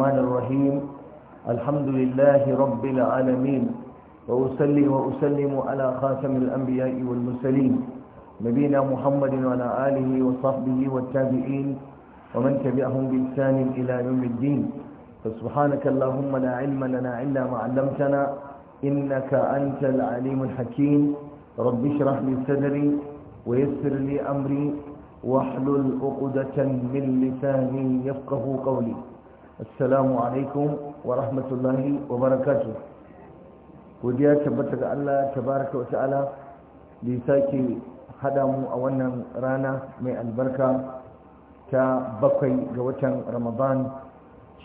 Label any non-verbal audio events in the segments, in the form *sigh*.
الرحمن الرحيم الحمد لله رب العالمين وأسلم وأسلم على خاتم الأنبياء والمرسلين نبينا محمد وعلى آله وصحبه والتابعين ومن تبعهم بإحسان إلى يوم الدين فسبحانك اللهم لا علم لنا إلا ما علمتنا إنك أنت العليم الحكيم رب اشرح لي صدري ويسر لي أمري واحلل عقدة من لساني يفقه قولي assalamu alaikum wa rahmatullahi wa barakatu godiya tabbata ga Allah tabaraka wa ta'ala da sake hada mu a wannan rana mai albarka ta bakwai ga watan ramadan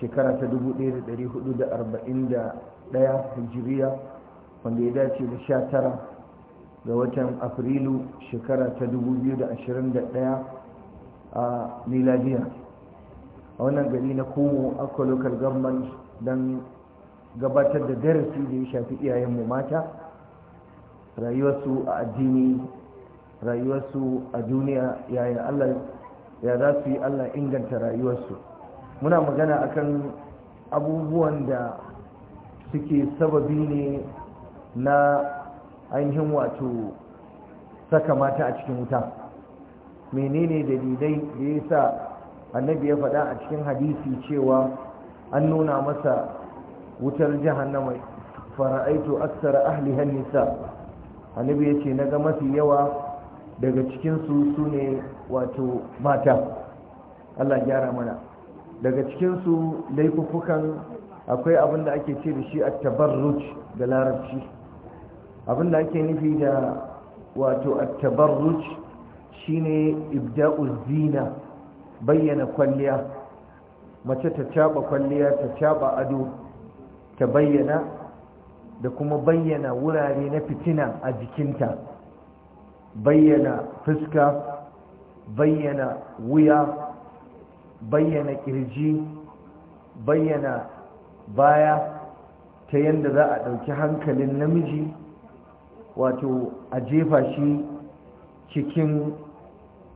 shekara ta 1441 hijiriya wanda ya dace da sha tara ga watan afrilu shekara ta 2021 a miladiya a wannan gari na komo akwa local government don gabatar da darasi da ya shafi iyayenmu mata rayuwarsu a addini rayuwarsu a duniya yayin allah ya za su yi allah inganta rayuwarsu muna magana akan abubuwan da suke sababi ne na ainihin wato saka mata a cikin wuta menene dalilai da ya sa annabi ya faɗa a cikin hadisi cewa an nuna masa wutar jahannama fara'aitu aksar ahli hannisa annabi ya ce ga mafi yawa daga cikinsu su ne wato mata Allah gyara mana daga cikinsu laifuffukan akwai abin da ake ce da shi a tabarruj da larabci abin da ake nufi da wato a tabarruj shine ibda'uz zina bayyana kwalliya mace ta caba kwalliya ta caba ado ta bayyana da kuma bayyana wurare na fitina a jikinta bayyana fuska bayyana wuya bayyana kirji bayyana baya ta yadda za a ɗauki hankalin namiji wato a jefa shi cikin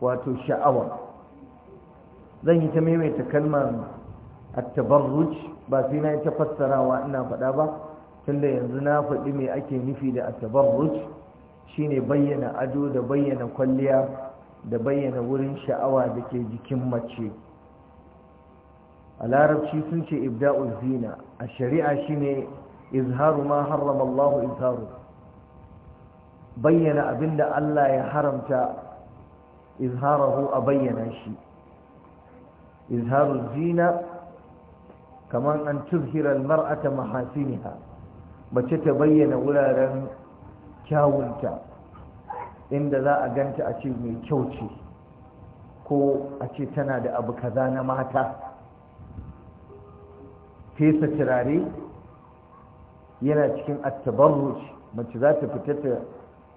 wato sha'awa zan yi ta maimaita kalmar at ba sai na ta fassarawa ina faɗa ba tunda yanzu na faɗi me ake nufi da at shi shine bayyana ado da bayyana kwalliya da bayyana wurin sha'awa da ke jikin mace a larabci sun ce ibda'ul zina a shari'a shine izharu ma harrama izharu bayyana abinda Allah ya haramta izharahu a bayyana shi izharu zina kamar an tuzhira almar'ata mahasiniha mace ta bayyana wuraren kyawunta inda za a ganta a ce mai kyau ce ko a ce tana da abu kaza na mata fesa turare yana cikin attabarruj mace zata fita ta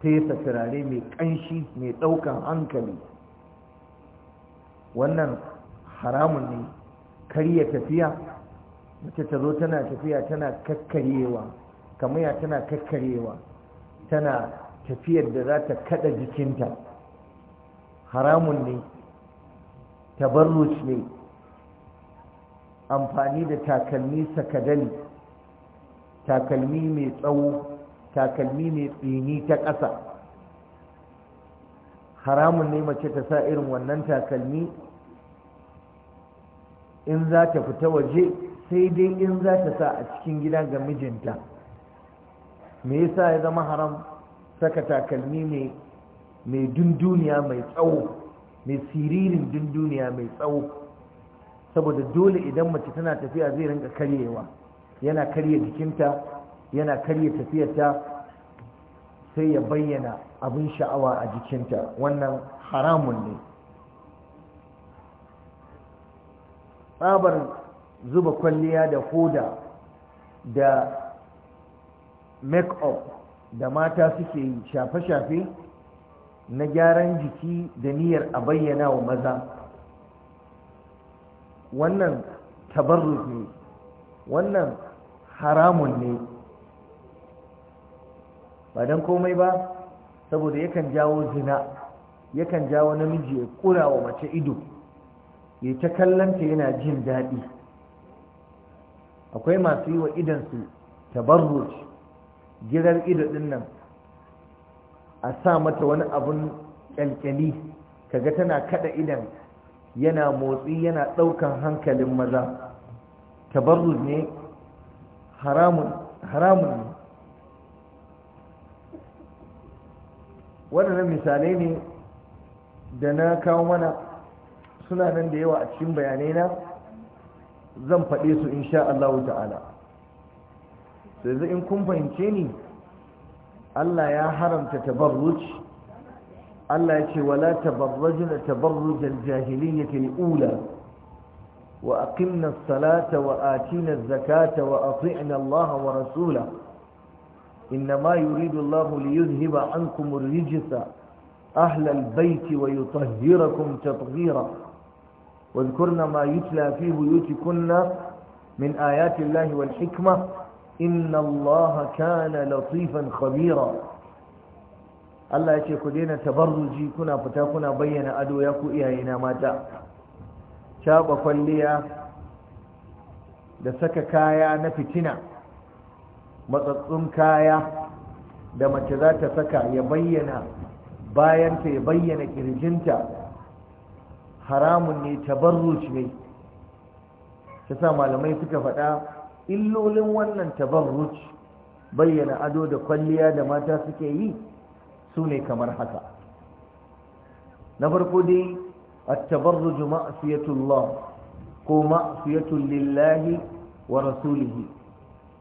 fesa turare mai ƙanshi mai ɗaukan hankali wannan haramun ne karya tafiya mace ta zo tana tafiya tana kakkaryewa kamaya tana kakkaryewa tana tafiyar da za ta kada jikinta haramun ne tabarruci ne amfani da takalmi sakadani takalmi mai tsawo takalmi mai tsini ta ƙasa haramun ne mace ta sa irin wannan takalmi in za ta fita waje sai dai in za ta sa a cikin gida ga mijinta me yasa ya zama haram saka takalmi mai dunduniya mai tsawo mai siririn dunduniya mai tsawo saboda dole idan mace tana tafiya zai rinka karyewa yana karye jikinta yana karye tafiyarta sai ya bayyana abin sha'awa a jikinta wannan haramun ne tsabar zuba kwalliya da hoda da make-up da mata suke yi shafe-shafe na gyaran jiki da niyyar a bayyana wa maza wannan tabarruk ne wannan haramun ne ba don komai ba saboda yakan jawo zina yakan jawo namiji ya kura wa mace ido ya ta kallanta yana jin daɗi akwai masu yi wa idansu tabarruj girar ido ɗin nan a sa mata wani abun kyalkyali kaga tana kada idan yana motsi yana ɗaukan hankalin maza tabarruj ne haramun ne waɗannan misalai ne da na kawo mana suna nan da yawa a cikin bayanai na zan faɗe su in sha Allah ta'ala yanzu in kun fahimce ni Allah ya haramta tabarruj Allah ya ce wala tabarrajna tabarruj al-jahiliyyah al-ula wa aqimna as-salata wa atina az-zakata wa ati'na Allah wa rasulahu إنما يريد الله ليذهب عنكم الرجس أهل البيت ويطهركم تطهيرا واذكرنا ما يتلى في بيوتكن من آيات الله والحكمة إن الله كان لطيفا خبيرا الله يشيك لنا تبرجي كنا فتاكنا بينا أدو يكو إيهينا ماتا شاب فلية دسك كايا نفتنا مطلقون كايا دمت ذات سكا يبين باينك يبين كرجنتا haramun ne tabarruci ne ta malamai suka faɗa illolin wannan tabarruci bayyana ado da kwalliya da mata suke yi su ne kamar haka na farko dai a tabarruci ma'asiyatullah ko ma'asiyatun lillahi wa rasulihi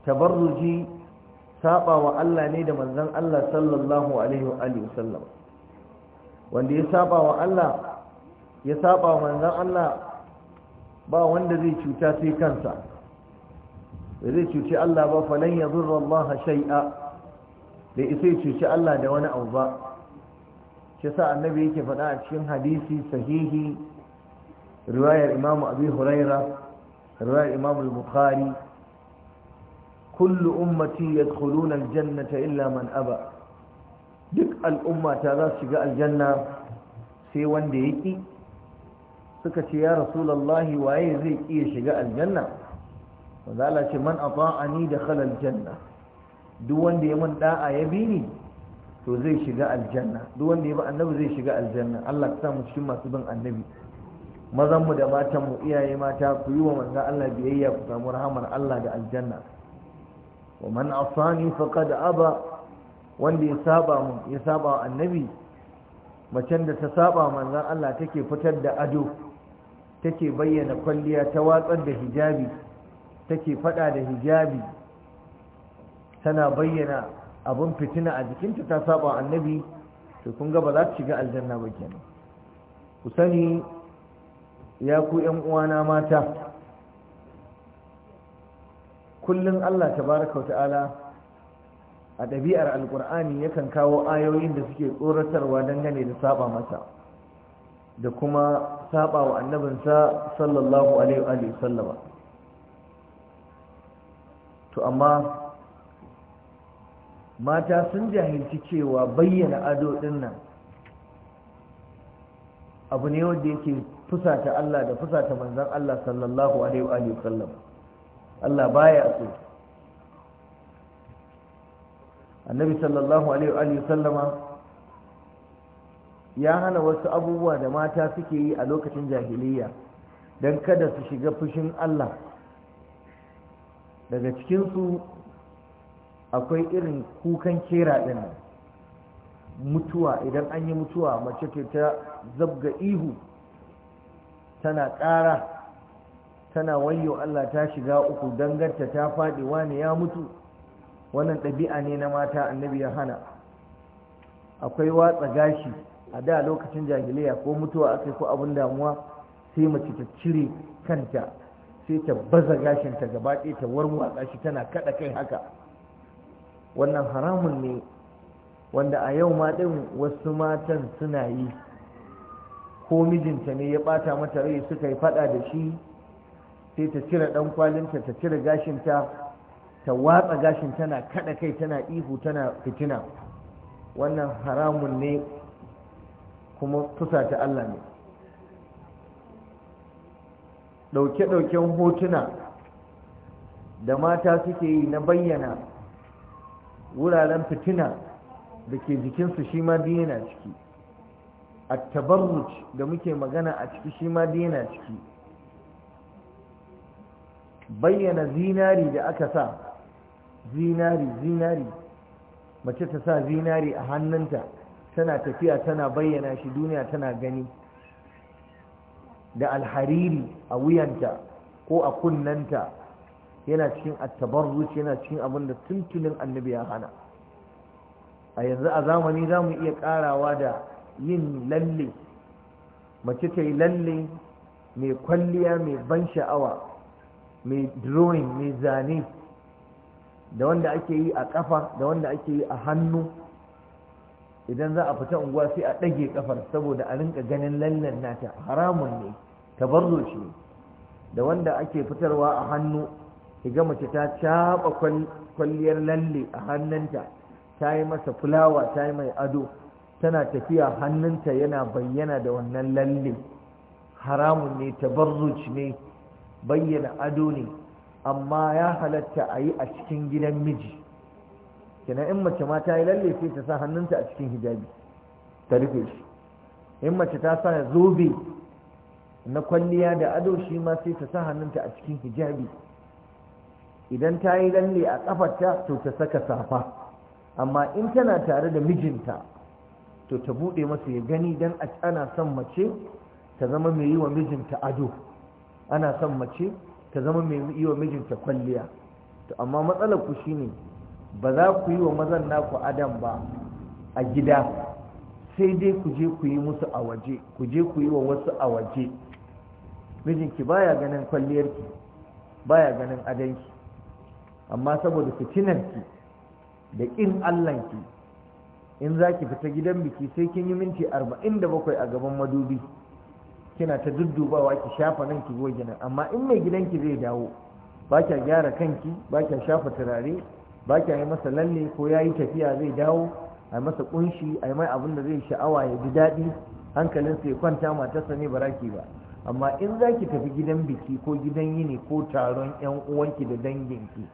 tabarruci saba wa Allah ne da manzan Allah sallallahu Alaihi wasallam wanda ya saba Allah ya saba manzan Allah ba wanda zai cuta sai kansa zai cuci Allah ba falan ya zurra Allah shai'a da isa ya cuci Allah da wani abu ba shi sa annabi yake faɗa a cikin hadisi sahihi riwayar imam abi huraira riwayar imam al-bukhari kullu ummati yadkhuluna al-jannata illa man aba duk al'ummata za su shiga aljanna sai wanda yake suka ce ya rasulullahi waye zai iya shiga aljanna wanda ce man a da dakhala janna. duk wanda ya mun da'a ya bi ni to zai shiga aljanna duk wanda ya bi annabi zai shiga aljanna Allah ta sa mu cikin masu bin annabi mazan mu da matan mu iyaye mata ku yi wa manzo Allah biyayya ku samu rahamar Allah da aljanna wa man asani faqad aba wanda ya saba mu ya saba annabi macen da ta saba manzon Allah take fitar da ado take bayyana kwalliya ta watsar da hijabi take fada da hijabi tana bayyana abin fitina a jikinta ta saba annabi to kun ga ba za ta shiga aljanna ba kenan ku sani ya ku 'yan uwana mata kullun Allah tabaraka wa ta'ala a ɗabi'ar alkur'ani yakan kawo ayoyin da suke tsoratarwa dangane da saba mata, da kuma saba wa annabinsa sallallahu alaihi wa sallama to amma mata sun jahilci cewa bayyana ado din nan abu ne wanda yake fusata Allah da fusata manzon Allah sallallahu alaihi wa sallam Allah baya so annabi sallallahu alaihi wa sallama ya hana wasu abubuwa da mata suke yi a lokacin jahiliya don kada su shiga fushin Allah daga cikinsu akwai irin kukan kera ɗin mutuwa idan an yi mutuwa mace ke ta zabga ihu tana ƙara tana wayo Allah ta shiga uku dangarta ta faɗi wani ya mutu wannan ɗabi'a ne na mata annabi ya hana akwai watsa gashi a da lokacin jahiliya ko mutuwa ake ko abin damuwa sai mace ta cire kanta sai ta baza gashinta gaba ɗaya ta warwatsa shi tana kaɗa kai haka wannan haramun ne wanda a yau ma ɗin wasu matan suna yi ko mijinta ne ya ɓata mata rai suka yi faɗa da shi sai ta cire ɗan kwalinta ta cire gashinta ta watsa gashin tana kaɗa kai tana ihu tana fitina wannan haramun ne kuma fusa ta Allah ne ɗauke-ɗauken hotuna da mata suke yi na bayyana wuraren fitina da ke jikinsu shi ma yana ciki a tabarruc da muke magana a ciki shi ma yana ciki bayyana zinari da aka sa zinari zinari mace ta sa zinari a hannunta tana tafiya tana bayyana shi duniya tana gani da alhariri a wuyanta ko a kunnanta yana cikin attabarruci yana cikin abin da tuntunin annabi ya hana a yanzu a zamani za mu iya karawa da yin lalle mace ta yi lalle mai kwalliya mai ban sha'awa mai drawing mai zane da wanda ake yi a kafa da wanda ake yi a hannu idan za a fita unguwa sai a ɗage ƙafar saboda a rinka ganin lallan nata haramun ne tabarruci ne da wanda ake fitarwa a hannu ga mace ta caɓa kwalliyar lalle a hannunta ta yi masa fulawa ta yi mai ado tana tafiya hannunta yana bayyana da wannan lalle haramun ne tabarruci ne bayyana ado ne amma ya halatta a yi a cikin gidan miji kina in mace ma ta yi lalle sai ta sa hannunta a cikin hijabi ta rufe shi in mace ta sa zobe na kwalliya da ado shi ma sai ta sa hannunta a cikin hijabi idan ta yi lalle a kafarta to ta saka safa amma in tana tare da mijinta to ta buɗe masa ya gani don ana son mace ta zama mai yi wa mijinta ado ana son mace ta zama mai yi wa mijinta kwalliya to amma matsalar ku shine ba za ku yi wa mazan naku adam ba a gida sai dai ku je ku yi musu a waje ku je ku yi wa wasu a waje mijinki baya ganin kwalliyarki baya ganin adanki amma saboda fitinarki da ƙin allanki in za ki fita gidan biki sai kin yi minti arba'in da bakwai a gaban madubi kina ta duddubawa ki shafa nan ki goge nan amma in mai gidanki zai dawo ba kya gyara kanki ba kya shafa turare ba ki yi masa lalle ko ya yi tafiya zai dawo a masa kunshi a mai abin da zai sha'awa ya ji daɗi hankalinsa ya kwanta matarsa ne baraki ba amma in za ki tafi gidan biki ko gidan yini ko taron yan uwanki da danginki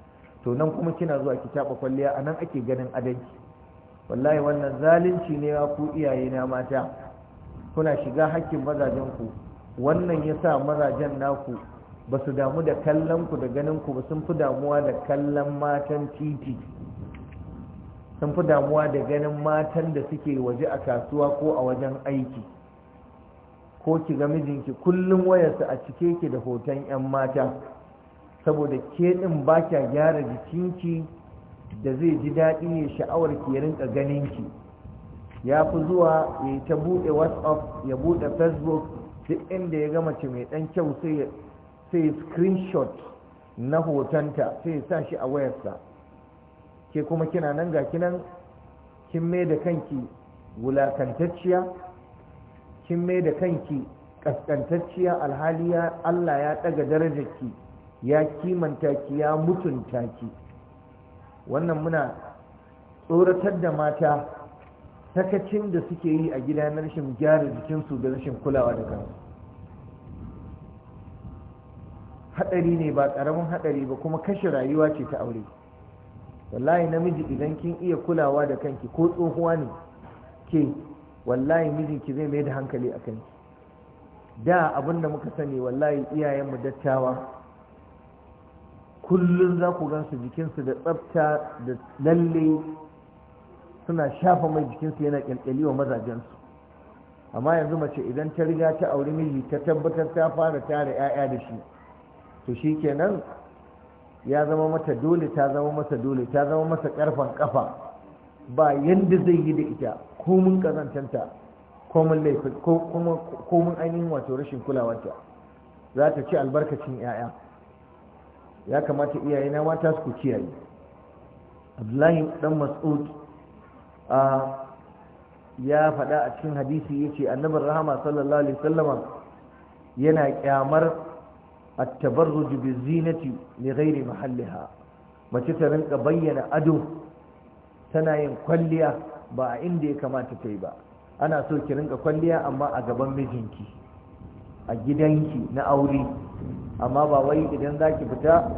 to nan kuma kina zuwa ki taɓa kwalliya a nan ake ganin adanki wallahi wannan zalunci ne ya ku iyaye na mata kuna shiga hakkin mazajen ku wannan yasa mazajen naku ba su damu da kallon ku da ganin ku ba sun fi damuwa da kallon matan titi sun fi damuwa da ganin matan da suke waje a kasuwa ko a wajen aiki ko ki ga mijinki kullum wayarsa a cike ki da hoton 'yan mata saboda ke din ba kya gyara jikinki da zai ji daɗi ya sha'awar ki ya rinka ganinki ya fi zuwa ya ta buɗe whatsapp ya buɗe facebook duk inda ya ga mace mai ɗan kyau sai sai screenshot na hotonta sai sa shi a wayarsa ke kuma kina nan ga kinan kin mai da kanki wulakantacciya kin mai da kanki kaskantacciya alhali ya Allah ya daga darajarki ya kimanta ki ya mutunta ki wannan muna tsoratar da mata takacin da suke yi a gida na rashin gyara jikinsu da rashin kulawa da kansu hadari ne ba karamin haɗari ba kuma kashe rayuwa ce ta aure wallahi namiji idan kin iya kulawa da kanki ko tsohuwa ne ke wallahi mijinki zai mai da hankali a kanki da abin da muka sani wallahi iyayenmu dattawa kullum za ku gansu jikinsu da tsafta da lalle suna shafa mai jikinsu yana kyalkyali wa mazajensu amma yanzu mace idan ta riga ta auri miji ta tabbatar ta fara tara 'ya'ya da shi to kenan ya zama mata dole ta zama mata dole ta zama masa karfan kafa ba yadda zai yi da ita komun kazantanta komin laifin mun ainihin wato rashin kulawarta za ta ci albarkacin 'ya'ya ya kamata na mata su kiyaye abdullahi dan mas'ud ya faɗa a cikin hadisi ya ce annabin rahama sallallahu alaihi sallama yana kyamar at-tabarruj ne zinati li ghairi mahalliha mace ta rinka bayyana ado tana yin kwalliya ba a inda ya kamata ta yi ba ana so ki rinka kwalliya amma a gaban mijinki a gidanki na aure amma ba wai idan za ki fita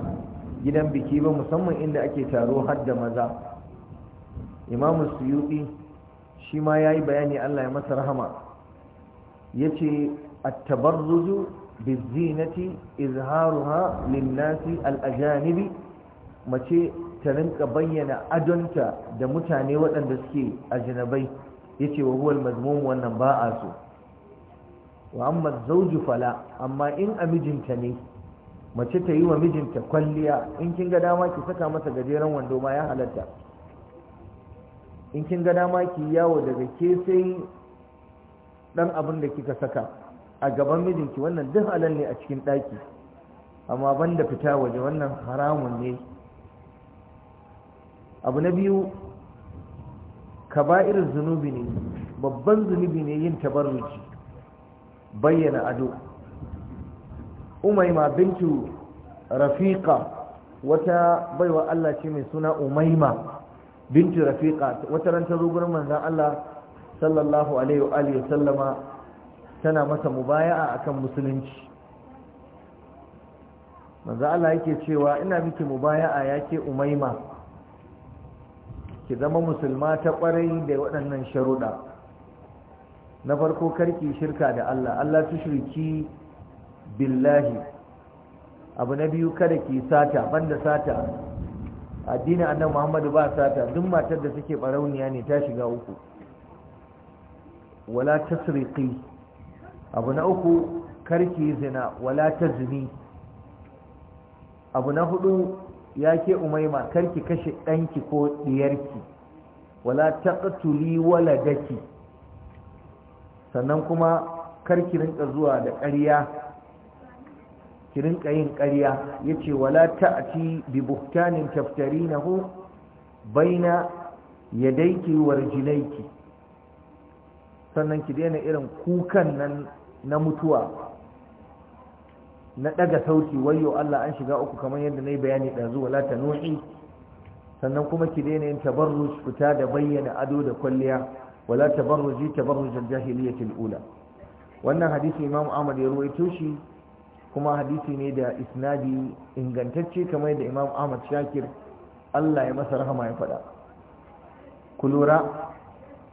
gidan biki ba musamman inda ake taro har da maza imamu suyuɗi shi ma ya yi bayani allah ya masa rahama ya ce attabarruzu bizinati izharuha linnasi al-ajanibi mace ta rinka bayyana adonta da mutane waɗanda suke ajnabai yace wa huwal mazmum wannan ba so wa amma fala amma in a mijinta ne mace ta yi wa mijinta kwalliya in kin ga dama ki saka masa gajeren wando ma ya halatta in kin ga dama ki yawo daga ke ɗan abin da kika saka a gaban mijinki wannan duk halal ne a cikin ɗaki amma banda fita waje wannan haramun ne abu na biyu kaba'irin zunubi ne babban zunubi ne yin tabarruci bayyana ado umaima bintu rafiqa wata baiwa Allah ce mai suna umaima bintu rafiqa wata ran ta zo gurin manzon Allah sallallahu alaihi wa alihi sallama tana masa mubaya'a akan musulunci manzo Allah yake cewa ina miki mubaya'a yake umaima ki zama musulma ta kwarai da waɗannan sharuɗa na farko karki shirka da Allah Allah shirki, billahi abu na biyu kada ki sata banda sata addinin annabi Muhammadu ba sata duk matar da take barauniya ne ta shiga uku wala tasriqi abu na uku karki zina wala ta zini. abu na hudu ya ke umaima karki kashe ɗanki ko ɗiyarki wala ta ƙatuli wala waladaki sannan kuma karki rinka zuwa da ƙarya ki rinka yin ƙarya Ya ce wala ci ta ta'ti bi buhtanin na baina ya wa warjinaiki sannan ki daina irin kukan nan na mutuwa na daga sauti wayo Allah an shiga uku kamar yadda nayi bayani dazu wala tanuhi sannan kuma ki daina yin tabarruj fita da bayyana ado da kwalliya wala tabarruji tabarruj al-jahiliyyah al-ula wannan hadisi Imam Ahmad ya ruwaito shi kuma hadisi ne da isnadi ingantacce kamar yadda Imam Ahmad Shakir Allah ya masa rahama ya faɗa ku lura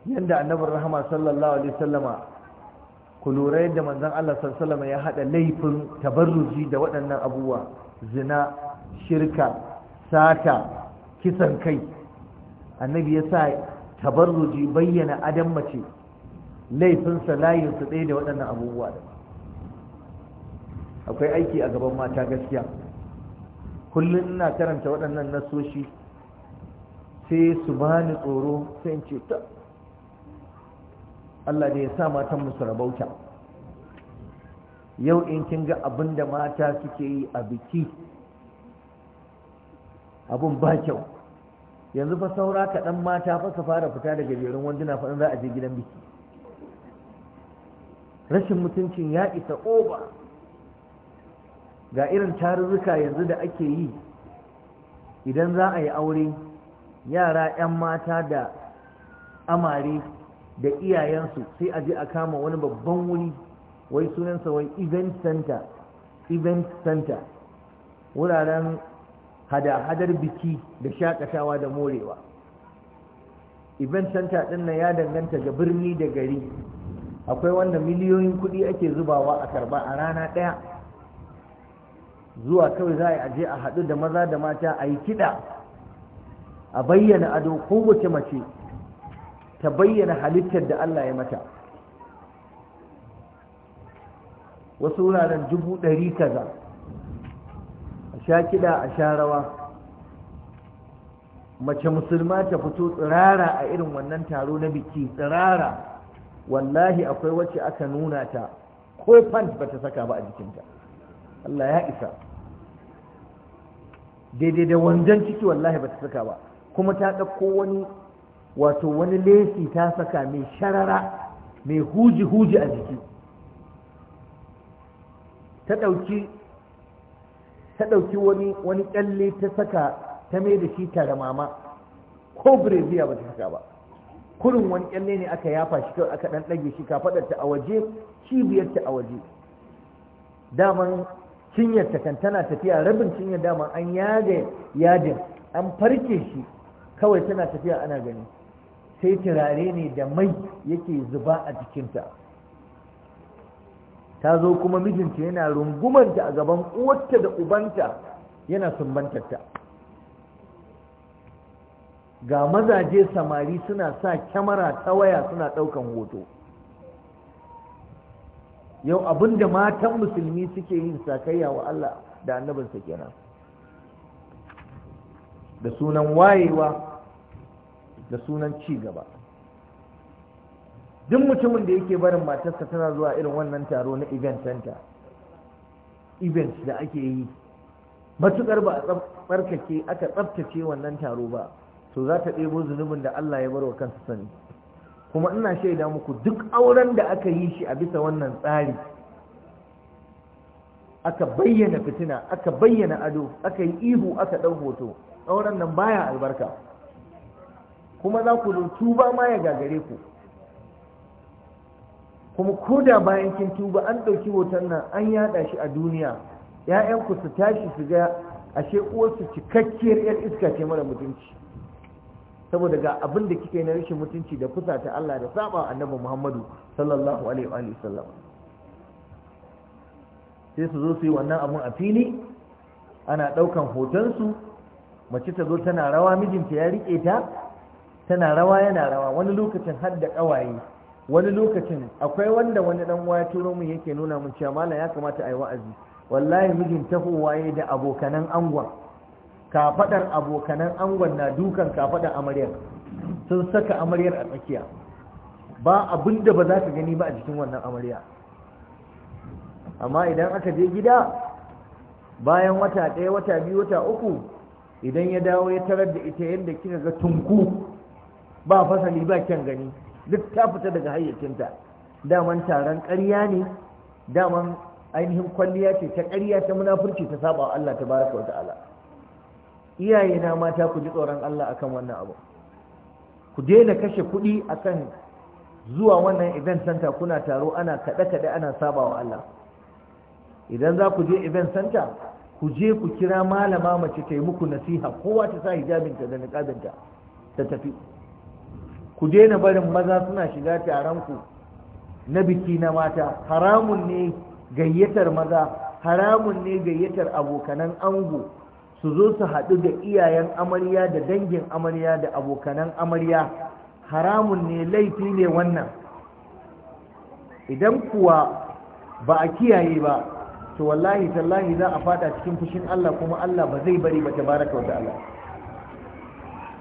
yadda annabin rahama sallallahu alaihi sallama ku lura yadda manzon Allah sallallahu ya hada laifin tabarruji da waɗannan abubuwa zina shirka sata kisan kai annabi ya sa tabarruji bayyana adam mace laifinsa layinsu ɗaya da waɗannan abubuwa akwai aiki a gaban mata gaskiya kullum ina karanta waɗannan nasoshi sai su bani tsoro sai in ce ta Allah da ya sa matan musu rabauta yau in kin ga abin da mata suke yi a biki abun ba kyau yanzu fa saura kaɗan mata fa su fara fita daga jerin wanduna fa za a je gidan biki rashin mutuncin ya isa oba ga irin tarurruka yanzu da ake yi idan za a yi aure yara 'yan mata da amare da iyayensu sai a je a kama wani babban wuri wai sunansa wai event center event center wuraren hada-hadar biki da shakatawa da morewa event center din nan ya danganta ga birni da gari akwai wanda miliyoyin kuɗi ake zubawa a karba a rana ɗaya zuwa kawai za a je a haɗu da maza da mata a yi kiɗa a bayyana ado kowace mace ta bayyana halittar da Allah ya mata wasu wuraren dubu ɗari kaza a sha kiɗa a sha rawa mace musulma ta fito tsirara a irin wannan taro na biki tsirara wallahi akwai wacce aka nuna ta ko pant ba ta saka ba a jikinta Allah ya isa daidai da wanzan ciki wallahi ba ta saka ba kuma ta ɗauko wani wato wani lesi ta saka mai sharara mai huji-huji a jiki ta ɗauki ta ɗauki wani wani ƙyalle ta saka ta mai da shi tare mama ko brazil ba ta saka ba kurin wani ƙyalle ne aka yafa shi kawai aka ɗan ɗage shi kafaɗarta a waje cibiyarta a waje daman cinyar kan tana tafiya rabin cinyar daman an yaga yadin an farke shi kawai tana tafiya ana gani sai turare ne da mai yake zuba a jikinta ta zo kuma mijinta yana rungumanta a gaban uwarta da ubanta yana sumbantarta ga mazaje samari suna sa kyamara ta waya suna ɗaukan hoto yau abinda matan musulmi suke yin sakayya wa Allah da annabinsa kenan da sunan wayewa da sunan ci gaba duk mutumin da yake barin matarsa tana zuwa irin wannan taro na eventanta event da ake yi matukar ba a tsarkake aka tsabtace wannan taro ba to za ta ɗebo zunubin da Allah ya barwa kansa sani kuma ina shaida muku duk auren da aka yi shi a bisa wannan tsari aka bayyana fitina aka bayyana ado aka yi ihu aka ɗau hoto auren nan baya albarka kuma za ku zo tuba ma ya gagare ku kuma ko da bayan kin tuba an ɗauki hoton nan an yaɗa shi a duniya ‘ya'yanku su tashi su ga ashe uwarsu cikakkiyar ‘yar iska ce mara mutunci saboda ga abin da kika yi na rashin mutunci da kusa ta Allah da saba annabi Muhammadu sallallahu alaihi wa sallam sai su zo su yi wannan abun a fili ana ɗaukan su, mace ta zo tana rawa mijinta ya riƙe ta tana rawa yana rawa wani lokacin har da kawaye wani lokacin akwai wanda wani dan waya turo mu yake nuna mun cewa malam ya kamata a yi wa'azi wallahi mijin tahowa waye da abokanan angon kafadar abokanan angon na dukan kafadar amaryar sun saka amaryar a tsakiya ba abin da ba za ka gani ba a jikin wannan amarya amma idan aka je gida bayan wata ɗaya wata biyu wata uku idan ya dawo ya tarar da ita yadda kika ga tunku ba fasali ba kyan gani duk ta fita daga hayyacinta daman taron ƙarya ne daman ainihin kwalliya ce ta ƙarya ta munafurci ta saba wa Allah baraka wa ta'ala iyaye na mata ku ji tsoron Allah akan wannan abu ku daina kashe kuɗi akan zuwa wannan event center kuna taro ana kaɗe-kaɗe ana saba wa Allah idan za ku je event center ku je ku kira malama mace ta yi muku nasiha kowa ta sa hijabinta da niƙabinta ta tafi ku daina barin maza suna shiga taron ku. na biki na mata haramun ne gayyatar maza haramun ne gayyatar abokanan ango su zo su haɗu da iyayen amarya da dangin amarya da abokanan amarya haramun ne laifi ne wannan idan kuwa ba a kiyaye ba to wallahi tallahi za a fada cikin fushin Allah kuma Allah ba zai bari ba tabaraka wa ta'ala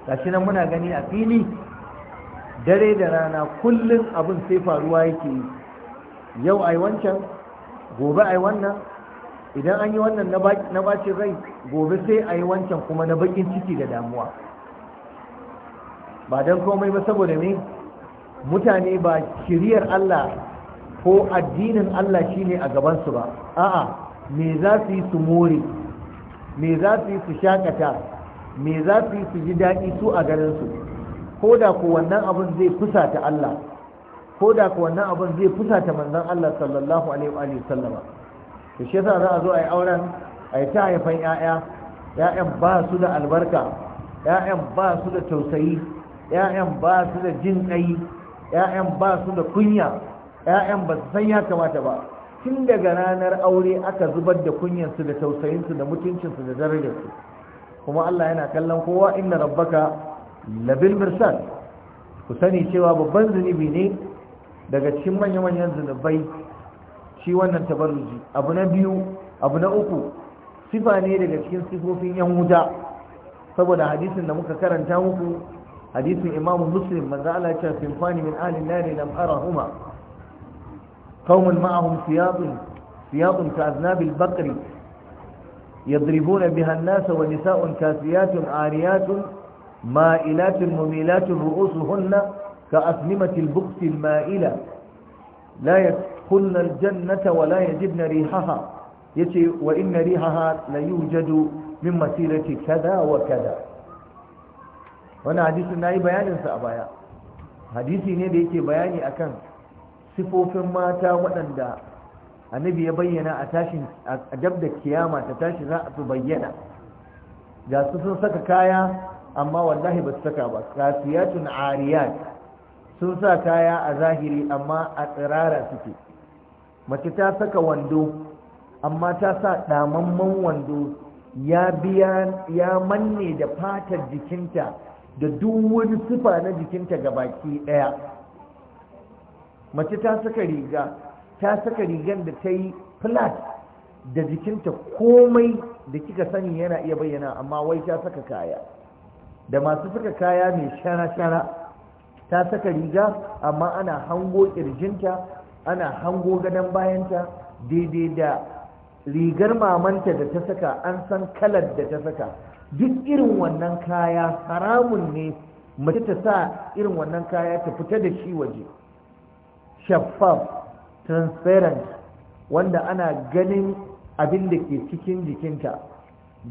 gashi nan muna gani a fili dare da rana kullum abin sai faruwa yake yi yau ai wancan gobe ai wannan idan an yi wannan na bacin rai gobe sai ai wancan kuma na bakin ciki da damuwa ba don komai ba saboda ne mutane ba kiriyar Allah ko addinin Allah shine a gabansu ba a'a me za su yi su more me za su yi su shakata me za su yi su ji daɗi su a garinsu ko da ku wannan abin zai fusata Allah ko da ku wannan abin zai fusata manzan Allah sallallahu alaihi wa sallama to shi yasa za a zo a yi auren a yi ta haifan 'ya'ya? 'Ya'yan ba su da albarka 'ya'yan ba su da tausayi 'ya'yan ba su da jin ɗai 'ya'yan ba su da kunya 'ya'yan ba su san ya kamata ba tun daga ranar aure aka zubar da kunyansu da tausayinsu da mutuncinsu da darajarsu kuma Allah yana kallon kowa inna rabbaka labil mirsal ku sani cewa babban zunubi ne daga cikin manya-manyan zunubai shi wannan tabarruji abu na biyu abu na uku sifa ne daga cikin sifofin yan wuta saboda hadisin da muka karanta muku hadisin imamu muslim manzo Allah ya ce sinfani min ahli an-nar lam arahuma qaumun ma'ahum siyadun siyadun ka'aznab al-baqri يضربون بها الناس ونساء كاسيات عاريات ma'ilatin mumilatin ru'usuhunna ka asnimatil buktil ma'ila la yadkhulna aljannata wa la yajidna rihaha yace wa inna rihaha la yujadu min masirati kaza wa kaza wannan hadisi nayi bayanin a baya hadisi ne da yake bayani akan sifofin mata waɗanda annabi ya bayyana a tashin a da kiyama ta tashi za su bayyana ga sun saka kaya amma wallahi ba su saka ba kasiyatun ariyat sun sa kaya a zahiri amma a tsirara suke mace ta saka wando amma ta sa damamman wando ya biya ya manne da fatar jikinta da duk wani sifa na jikinta ga baki ɗaya. mace ta saka riga ta saka rigan da ta yi flat da jikinta komai da kika sani yana iya bayyana amma wai ta saka kaya da masu saka kaya mai shara-shara ta saka riga amma ana hango kirjinta ana hango gadon bayanta daidai da rigar mamanta da ta saka an san kalar da ta saka duk irin wannan kaya haramun ne mace ta sa irin wannan kaya ta fita da shi waje shaffaf transparent wanda ana ganin abin da ke cikin jikinta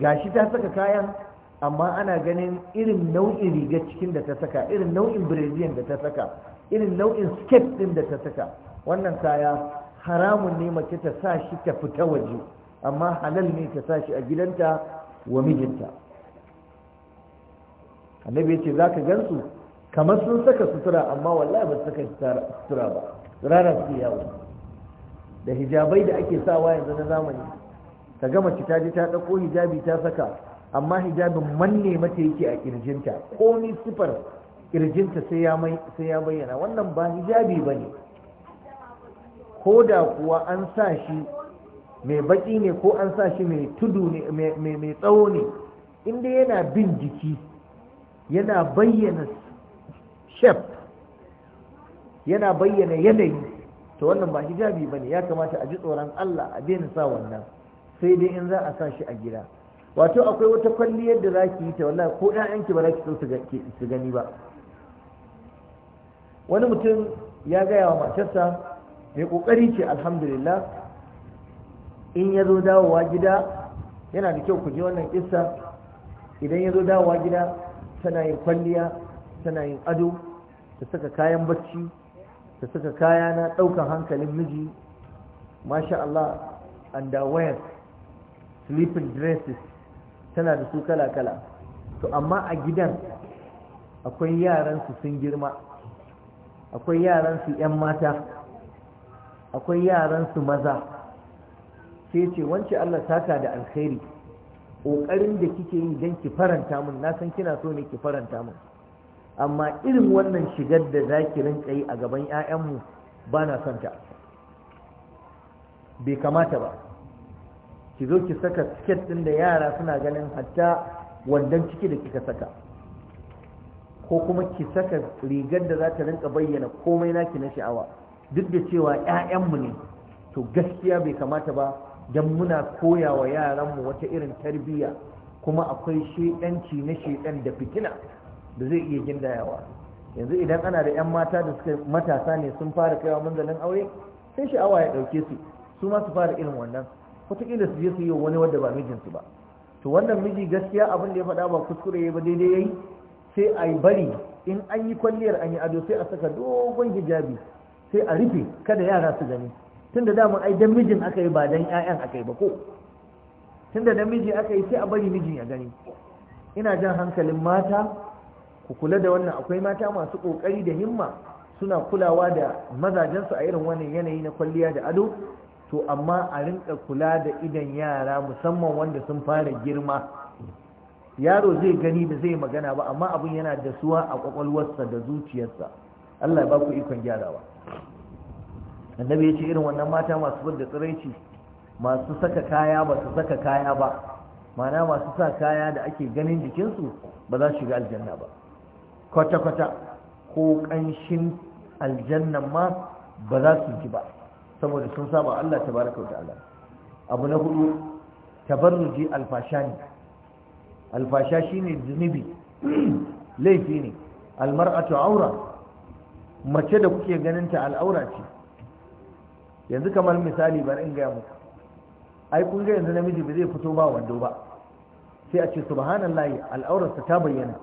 gashi ta saka kayan amma ana ganin irin nau'in rigar cikin da ta saka irin nau'in brazilian da ta saka irin nau'in skate din da ta saka wannan kaya haramun ne mace ta sa shi ta fita waje amma halal ne ta sa shi a gidanta wa mijinta annabi ya ce za ka gansu kamar sun saka sutura amma wallahi ba su saka sutura ba rana su yawo da hijabai da ake sawa yanzu na zamani ka gama ci ta je ta ɗauko hijabi ta saka amma hijabin manne mata yake a kirjinta komi sifar kirjinta sai ya bayyana wannan ba hijabi ba ne ko da kuwa an sa shi mai baki ne ko an sa shi mai tudu ne mai tsawo ne inda yana bin jiki yana bayyana shef yana bayyana yanayi to wannan ba hijabi ba ne ya kamata a ji tsoron allah a sa wannan sai dai in za a sa shi a gida wato akwai wata kwalliyar da za ki yi ta wallahi ko ƴaƴanki ba za ki so su gani ba wani mutum ya gaya wa matarsa mai ƙoƙari ce alhamdulillah in ya zo dawowa gida yana da kyau ku ji wannan kissa idan ya zo dawowa gida tana yin kwalliya tana yin ado ta saka kayan bacci ta saka kaya na ɗaukan hankalin miji masha Allah and sleeping dresses tana da su kala-kala to amma a gidan akwai yaransu sun girma akwai yaransu 'yan mata akwai yaran su maza sai ce wance Allah saka da alkhairi ƙoƙarin da kike yi don ki faranta mun na san kina so ne ki faranta mun amma irin wannan shigar da zaki ki rinka yi a gaban 'ya'yanmu ba na son bai kamata ba ki zo ki saka siket ɗin da yara suna ganin hatta wandan ciki da kika saka ko kuma ki saka rigar da za ta rinka bayyana komai naki na sha'awa duk da cewa 'ya'yanmu ne to gaskiya bai kamata ba don muna koya wa yaranmu wata irin tarbiyya kuma akwai shedanci na shedan da fitina da zai iya gindayawa yanzu idan ana da 'yan mata da suka matasa ne sun fara kaiwa manzalin aure sai sha'awa ya ɗauke su su ma su fara irin wannan wataƙila su je su yi wani wanda ba mijinsu ba to wannan miji gaskiya abin da ya faɗa ba kuskure ya ba daidai ya yi sai a yi bari in an yi kwalliyar an yi ado sai a saka dogon hijabi sai a rufe kada yara su gani tunda mun ai dan mijin aka yi ba dan ƴaƴan aka yi ba ko tunda dan miji aka yi sai a bari mijin ya gani ina jan hankalin mata ku kula da wannan akwai mata masu kokari da himma suna kulawa da mazajensu a irin wannan yanayi na kwalliya da ado to amma a rinka kula da idan yara musamman wanda sun fara girma yaro zai gani da zai magana ba amma abin yana da suwa a kwakwalwarsa da zuciyarsa Allah ya ba ku ikon gyarawa annabi ya ce irin wannan mata masu bada tsiraici masu saka kaya ba su saka kaya ba mana masu sa kaya da ake ganin jikinsu ba za su shiga aljanna ba kwata-kwata ko ƙanshin aljannan ma ba za su ji ba saboda sun saba Allah tabaraka wa ta'ala abu na hudu tabarruji alfasha ne alfasha shine zunubi *clears throat* laifi ne almar'atu aura mace da kuke ganin ta al'aura ce yanzu kamar misali bar in gaya muku ai kun ga yanzu namiji ba zai fito ba wando ba sai a ce subhanallahi al'aurarsa ta bayyana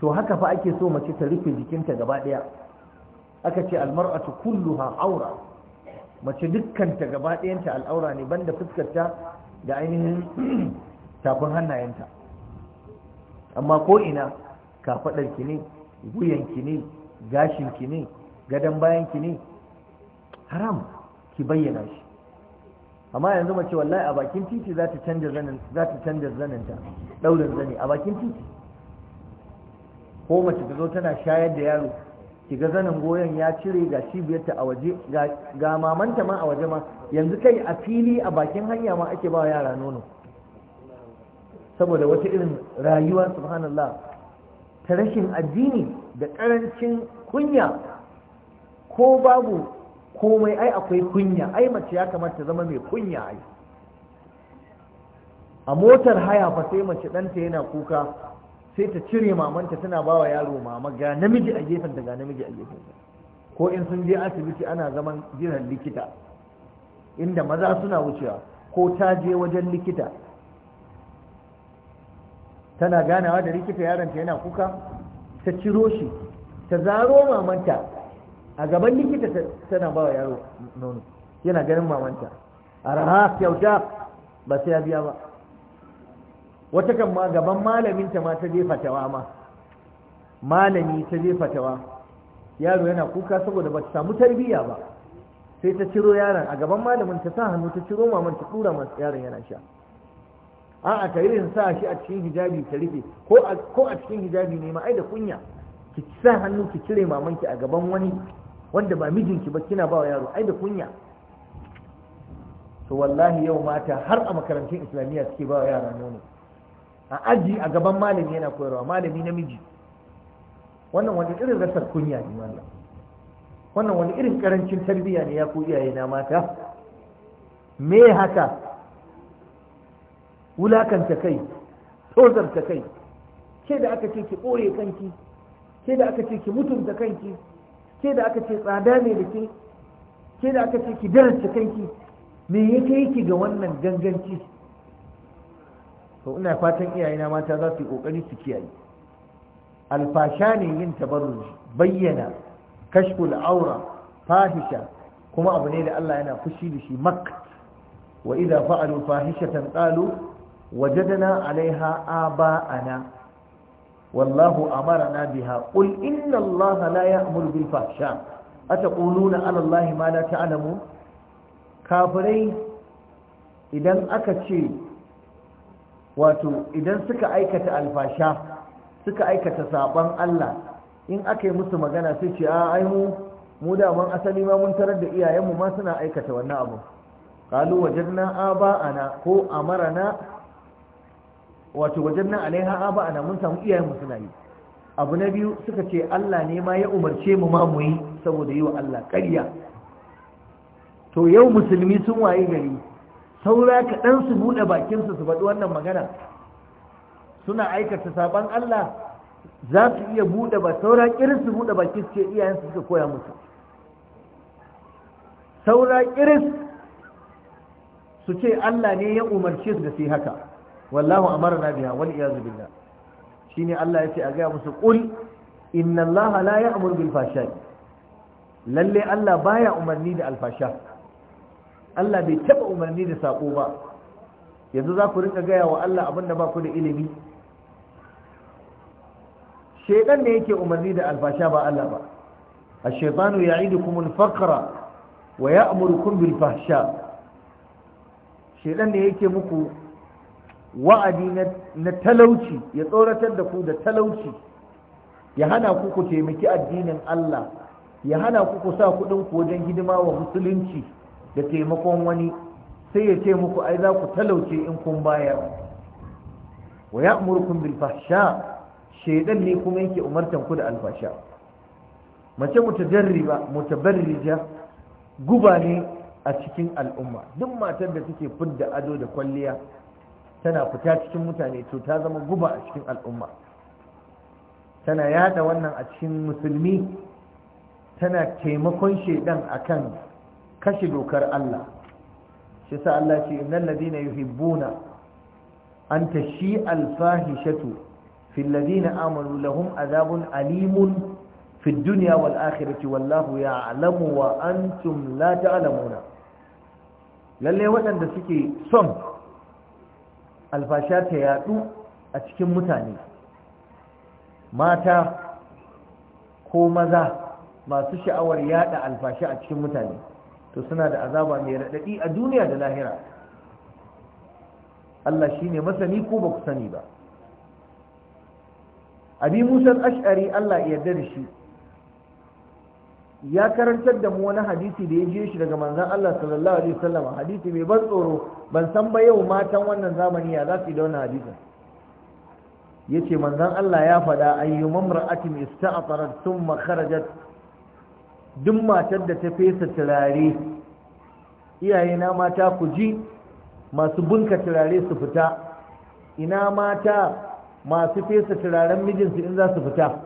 to haka fa ake so mace ta rufe jikinta gaba daya aka ce almar'atu kulluha aura mace dukkanta gaba ɗayanta al'aura ne banda fuskarta da ainihin *clears throat* tafin hannayenta amma ko ina kafaɗarki ne wuyanki ne gashinki ne gadon bayanki ne haram ki bayyana shi amma yanzu mace wallahi a bakin titi za ta canja zaninta ɗaurin zane a bakin titi ko mace ta tana shayar da yaro kiga zanin goyon ya cire ga cibiyarta a waje ga mamanta ma a waje ma yanzu kai a fili a bakin hanya ma ake ba yara nono saboda wata irin rayuwa subhanallah ta rashin addini da karancin kunya ko babu komai ai akwai kunya ai mace ya kamata zama mai kunya ai a motar haya fa sai mace ɗanta yana kuka sai ta cire mamanta tana bawa yaro mama ga namiji a gefen da ga namiji a gefen. ko in sun je asibiti ana zaman jiran likita inda maza suna wucewa ko ta je wajen likita tana ganawa da likita yaronta yana kuka ta ciro shi ta zaro mamanta a gaban likita tana bawa yaro nono yana ganin mamanta A arha kyauta ba sai ya biya ba wata kan ma gaban malaminta ma ta je fatawa ma malami ta je fatawa yaro yana kuka saboda ba ta samu tarbiyya ba sai ta ciro yaron a gaban malamin ta sa hannu ta ciro maman ta tura masa yaron yana sha a'a ka irin sa shi a cikin hijabi ta rike ko a cikin hijabi ne ma ai da kunya ki sa hannu ki cire mamanki a gaban wani wanda ba mijinki ba kina ba yaro ai da kunya to wallahi yau mata har a makarantun islamiyya suke bawa yara nono a aji a gaban malami yana koyarwa malami namiji wannan wani irin rasar kunya ne wannan wannan wani irin karancin tarbiyya ne ya ku iyaye na mata me haka wulakanta kai ta kai ke da aka ce ki ɓoye kanki ke da aka ce ki mutunta kanki ke da aka ce tsada ne da ke ke da aka ce ki darasta kanki me ya kai ki ga wannan ganganci to ina fatan iyayena mata za su yi kokari su kiyaye alfasha ne yin tabarruji bayyana kashful aura fahisha kuma abu ne da Allah yana fushi da shi mak wa idza fa'alu fahishatan qalu wajadna 'alayha aba'ana wallahu amarna biha qul inna allaha la ya'muru bil fahsha ataquluna 'ala allahi ma la ta'lamun kafirai idan aka ce wato idan suka aikata alfasha suka aikata saban Allah in aka yi musu magana sai ce a ah, ai mu mu da asali ma mun tarar da iyayenmu ma suna aikata wannan abu qalu wajadna aba'ana ko amarana wato alaiha mun samu iyayenmu suna yi abu na biyu suka ce Allah ne ma ya umarce mu ma mu yi saboda yi wa Allah karya." to yau musulmi sun waye gari saura kaɗan su buɗe bakinsu su faɗi wannan magana suna aikata saban Allah za su iya buɗe ba saura ƙirin su buɗe bakin su ce iyayensu suka koya musu saura ƙirin su ce Allah ne ya umarce su da su yi haka wallahu amarna biha wani iyazu billah shine Allah ya ce a gaya musu qul inna Allah la ya'muru bil fahsha'i lalle Allah baya umarni da alfasha Allah bai taba umarni da sako ba yanzu za ku rinka gaya wa Allah abin da ba ku da ilimi shaidan ne yake umarni da albasha ba Allah ba ash-shaytanu ya'idukum al-faqra wa ya'murukum bil fahsha shaidan ne yake muku wa'adi na talauci ya tsoratar da ku da talauci ya hana ku ku taimaki addinin Allah ya hana ku ku sa kuɗin ku wajen hidima wa musulunci da taimakon wani sai ya ce muku ai za ku talauce in kun baya. wa ya amurkun bilfasha shaidan ne kuma yake umartan ku da alfasha mace mutajarriba mutabarrija guba ne a cikin al'umma duk matar da take fidda ado da kwalliya tana fita cikin mutane to ta zama guba a cikin al'umma tana yada wannan a cikin musulmi tana taimakon shaidan akan kashe dokar Allah shi sa Allah ce innal ladina yuhibbuna an tashi alfahishatu fil ladina amanu lahum azabun alimun fid dunya wal akhirati wallahu ya'lamu wa antum la ta'lamuna lalle waɗanda suke son alfasha ta yadu a cikin mutane mata ko maza masu sha'awar yada alfashi a cikin mutane to suna da azaba mai raɗaɗi a duniya da lahira Allah shi ne masani ko ba ku sani ba abi musan ash'ari Allah ya yarda da shi ya karantar da mu wani hadisi da ya je shi daga manzan Allah sallallahu alaihi wasallam hadisi mai ban tsoro ban san ba yau matan wannan zamani ya za su yi da wannan hadisin ce manzan Allah ya faɗa ayyuma mar'atin ista'tarat thumma kharajat duk matar da ta fesa turare iyaye na mata ku ji masu bunka turare su fita ina mata masu fesa turaren mijinsu in za su fita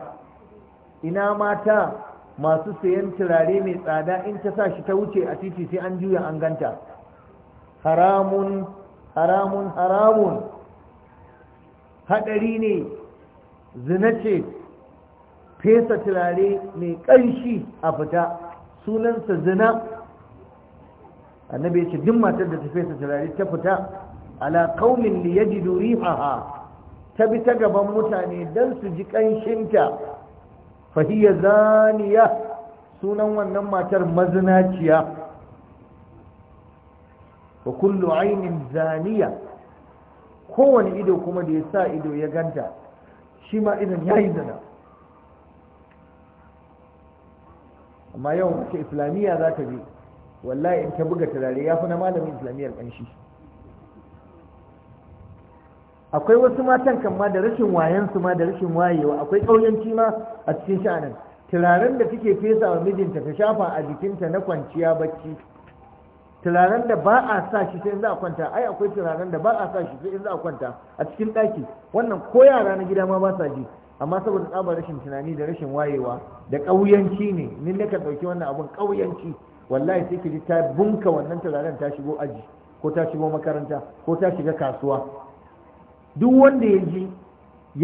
ina mata masu sayan turare mai tsada in ta sa shi ta wuce a titi sai an juya an ganta haramun haramun haramun haɗari ne zina ce fesa turare mai ƙanshi a fita sunansa zina annabi ya ce duk matar da ta fesa turare ta fita ala qaumin li yajidu rihaha ta bi ta gaban mutane dan su ji kanshinta fa hiya zaniya sunan wannan matar mazinaciya wa kullu ainin zaniya kowane ido kuma da ya sa ido ya ganta shi ma idan ya yi zina amma yau ce islamiyya za ta bi. wallahi in ta buga turare ya fi na malamin islamiyyar ƙanshi akwai wasu matan kan ma da rashin wayansu ma da rashin wayewa akwai ƙauyanci ma a cikin sha'anin turaren da take fesa wa mijinta ta shafa a jikinta na kwanciya bacci turaren da ba a sa shi sai in za a kwanta ai akwai turaren da ba a sa shi sai in za a kwanta a cikin ɗaki wannan ko yara na gida ma ba sa ji amma saboda tsabar rashin tunani da rashin wayewa da ƙauyanci ne ni na ka ɗauki wannan abun ƙauyanci wallahi sai ki ta bunka wannan turaren ta shigo aji ko ta shigo makaranta ko ta shiga kasuwa duk wanda ya ji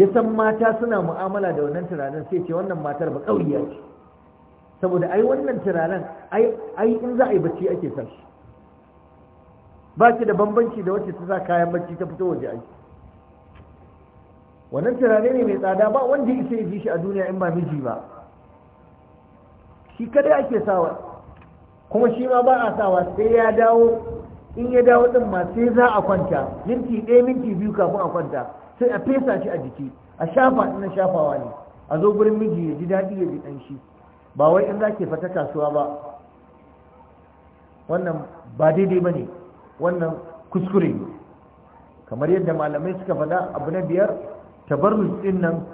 ya san mata suna mu'amala da wannan turaren sai ce wannan matar ba kauriya ce saboda ai wannan turaren ai in za a yi bacci ake san shi ba ki da bambanci da wacce ta sa kayan bacci ta fito waje aji wannan turare ne mai tsada ba wanda ya ji shi a duniya in ba miji ba shi kada ake sawa kuma shi ma ba a sawa sai ya dawo in ya dawo din ma sai za a kwanta minti ɗaya minti biyu kafin a kwanta sai a fesa shi a jiki a shafa ɗin shafawa ne a zo gurin miji ya ji daɗi ya ji ɗan ba wai in za ke fata kasuwa ba wannan ba daidai ba ne wannan kuskure ne kamar yadda malamai suka faɗa abu na biyar tabarruj ɗin nan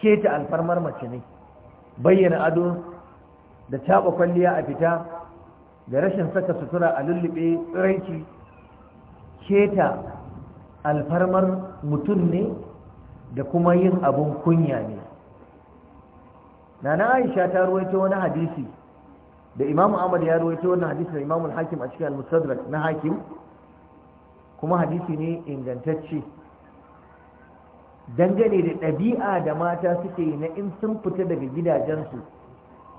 keta alfarmar mace ne bayyana ado da caɓa kwalliya a fita da rashin saka sutura a lullube tsiranki keta alfarmar mutum ne da kuma yin abun kunya ne nana aisha ta ruwaito wani hadisi da imamu ahmad ya ruwaito wani hadisi da imamu hakim a cikin al-mustadrak na hakim kuma hadisi ne ingantacce dangane da ɗabi'a da mata suke yi na in sun fita daga gidajensu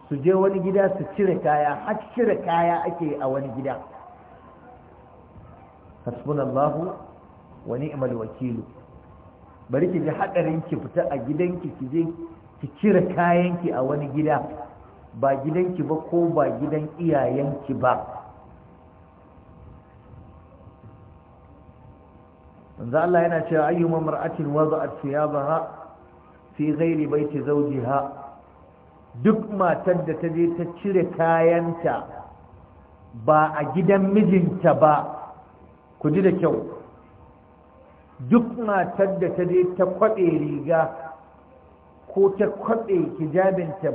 su je wani gida su cire kaya har cire kaya ake a wani gida hasbunallahu wa ni'mal wakilu bari ki ji hadarin ki fita a gidanki ki je ki cire kayanki a wani gida ba gidanki ba ko ba gidan iyayenki ba manzo Allah yana cewa ayyuma mar'atin wada'at thiyabaha fi ghairi baiti zawjiha duk matar da ta je ta cire kayanta ba a gidan mijinta ba ku ji da kyau duk matar da ta je ta kwaɓe riga ko ta kwaɓe hijabinta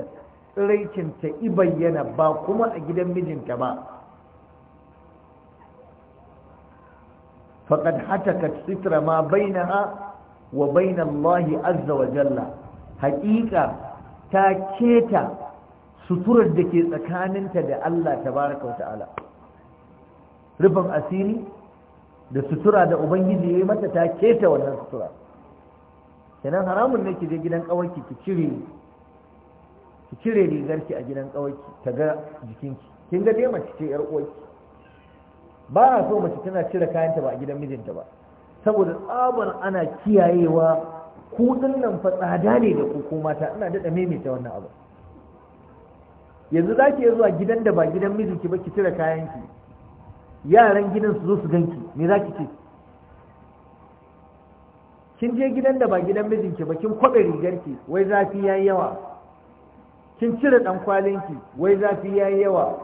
tsiraicinta i bayyana ba kuma a gidan mijinta ba faƙad hatakat sitra ma bai na ha wa bainallahi azza wa jalla haƙiƙa ta keta suturar da ke tsakaninta da Allah tabaraka wa ta'ala rufin asiri da sutura da ubangiji ya yi mata ta keta wannan sutura kenan haramun ne ki je gidan kawarki ki cire ki cire rigarki a gidan kawarki ta ga jikinki kin ga dai mace ce yar uwarki ba a so mace tana cire kayanta ba a gidan mijinta ba saboda tsabar ana kiyayewa ku nan fa tsada ne da ku mata ina daɗa maimaita wannan abu yanzu za ki zuwa gidan da ba gidan mijinki ba ki cire kayanki yaran gidan su zo su ganki me za ki ce kin je gidan da ba gidan mijinki ba kin kwaɓe ki, wai zafi ya yawa kin cire ɗan ki wai zafi ya yawa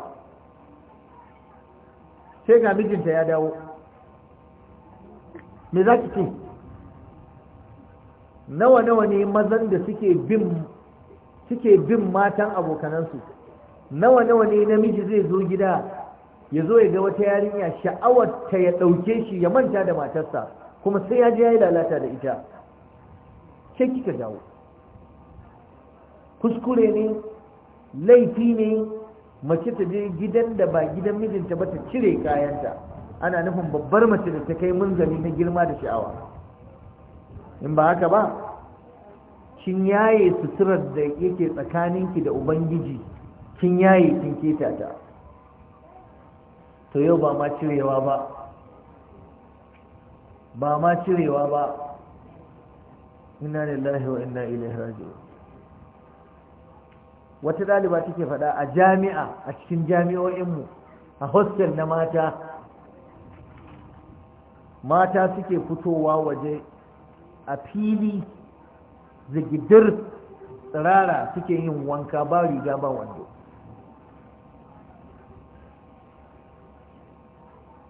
sai ga mijinta ya dawo me za ki ce nawa nawa ne mazan da suke bin matan abokanansu nawa nawa ne namiji zai zo gida ya zo ya ga wata yarinya sha'awarta ya ɗauke shi ya manta da matarsa kuma sai ya je ya yi lalata da ita ke kika jawo kuskure ne laifi ne mace ta je gidan da ba gidan mijinta ba ta cire kayanta ana nufin babbar mace da ta kai munzali na girma da sha'awa in ba haka ba kin yaye suturar da yake tsakaninki da ubangiji kin yaye kin keta ta to yau ba ma cirewa ba ba ma cirewa ba inna lillahi wa inna ilaihi raji'un wata daliba take faɗa a jami'a a cikin jami'o'inmu a hostel na mata mata suke fitowa waje a fili zigidir tsirara suke yin wanka ba riga ba wando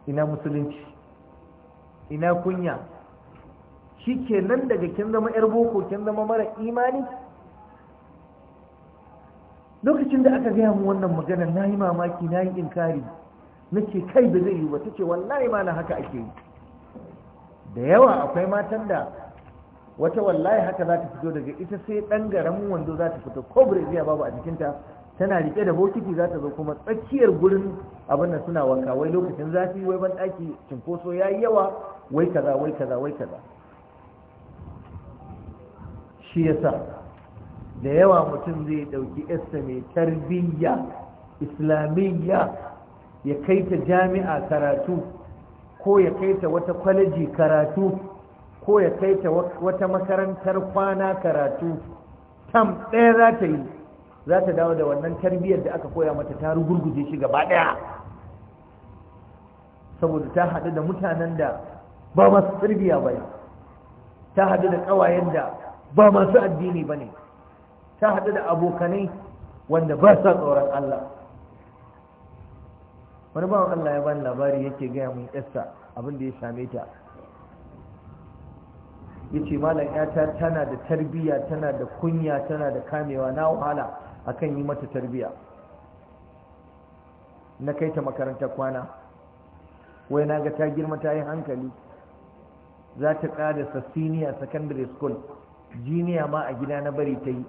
ina musulunci ina kunya shi ke nan daga kin zama 'yar boko kin zama mara imani lokacin da aka gaya mu wannan magana na yi mamaki na yi inkari na ce kai da zai yi ba ta ce wallahi ma na haka ake yi da yawa akwai matan da wata wallahi haka za ta fito daga ita sai ɗan garamin wando za ta fito ko breziya babu a jikinta tana riƙe da bokiti za ta zo kuma tsakiyar gurin abin nan suna wanka wai lokacin zafi wai ban ɗaki cinkoso ya yi yawa wai kaza wai kaza wai kaza shi yasa da yawa mutum zai ɗauki yasta mai tarbiyya islamiyya ya kai ta jami'a karatu ko ya kai ta wata kwaleji karatu ko ya kai ta wata makarantar kwana karatu tam ɗaya za ta yi za ta dawo da wannan tarbiyyar da aka koya mata ta rugurguje shi gaba ɗaya saboda ta haɗu da mutanen da ba masu tarbiyya ba ne ta haɗu da ƙawayen da ba masu addini ba ne ta haɗu da abokanai wanda ba sa tsoron Allah wani wa Allah ya bani labari yake gaya mun ƙasa abin da ya same ta ce malam yata tana da tarbiya tana da kunya tana da kamewa na wahala akan yi mata tarbiya na kai ta makaranta kwana wai na ga ta girma ta yi hankali za ta ƙarasa a secondary school jiniya ma a gida na bari ta yi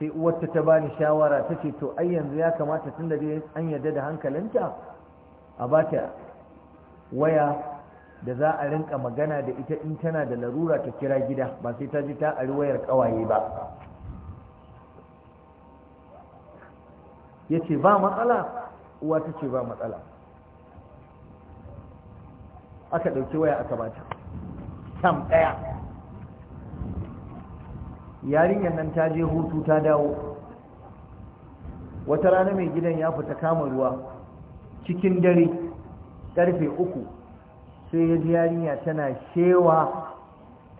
sai uwarta ta bani shawara ta ce to ai yanzu ya kamata tun da dai an yarda da hankalinta a ba ta waya da za a rinka magana da ita in tana da larura ta kira gida ba sai ta ji ta a wayar kawaye ba ya ce ba matsala uwa ta ce ba matsala aka ɗauki waya aka bata sam ɗaya yarinyar nan ta je hutu ta dawo wata rana mai gidan ya fita kama ruwa cikin dare ƙarfe uku sai ya ji yarinya tana shewa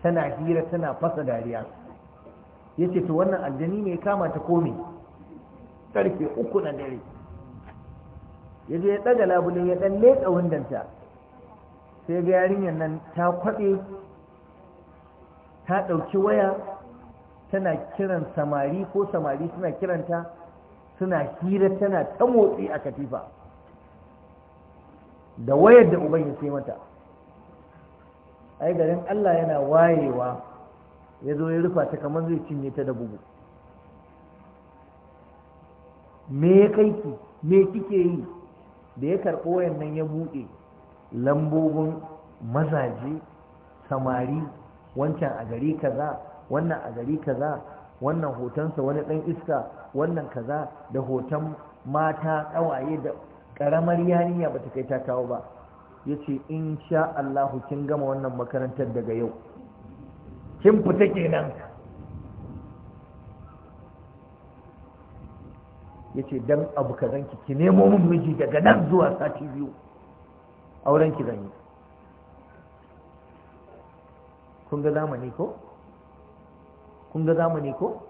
tana hira tana fasa dariya ya ce to wannan aljani ne kama ta komi karfe uku na dare ya je ya ɗaga labulin ya ɗan leƙa wundanta sai ga yarinyar nan ta kwaɓe ta ɗauki waya tana kiran samari ko samari suna kiranta suna hira tana ta motsi a katifa da wayar da uban ya sai mata ai garin Allah yana wayewa ya zo ya rufa ta kamar zai cinye ta da bugu me ya kai ki me kike yi da ya karɓo wayannan ya buɗe lambobin mazaje samari wancan a gari kaza wannan a gari kaza wannan hotonsa wani ɗan iska wannan kaza da hoton mata ƙawaye da ƙaramar yarinya ba ta kai ta kawo ba ya ce in sha Allahu kin gama wannan makarantar daga yau kin fita kenan ya ce don abu ka zanki ki nemo min miji daga nan zuwa sati biyu auren ki zanyi kun ga zamani ko? kun ga zamani ko?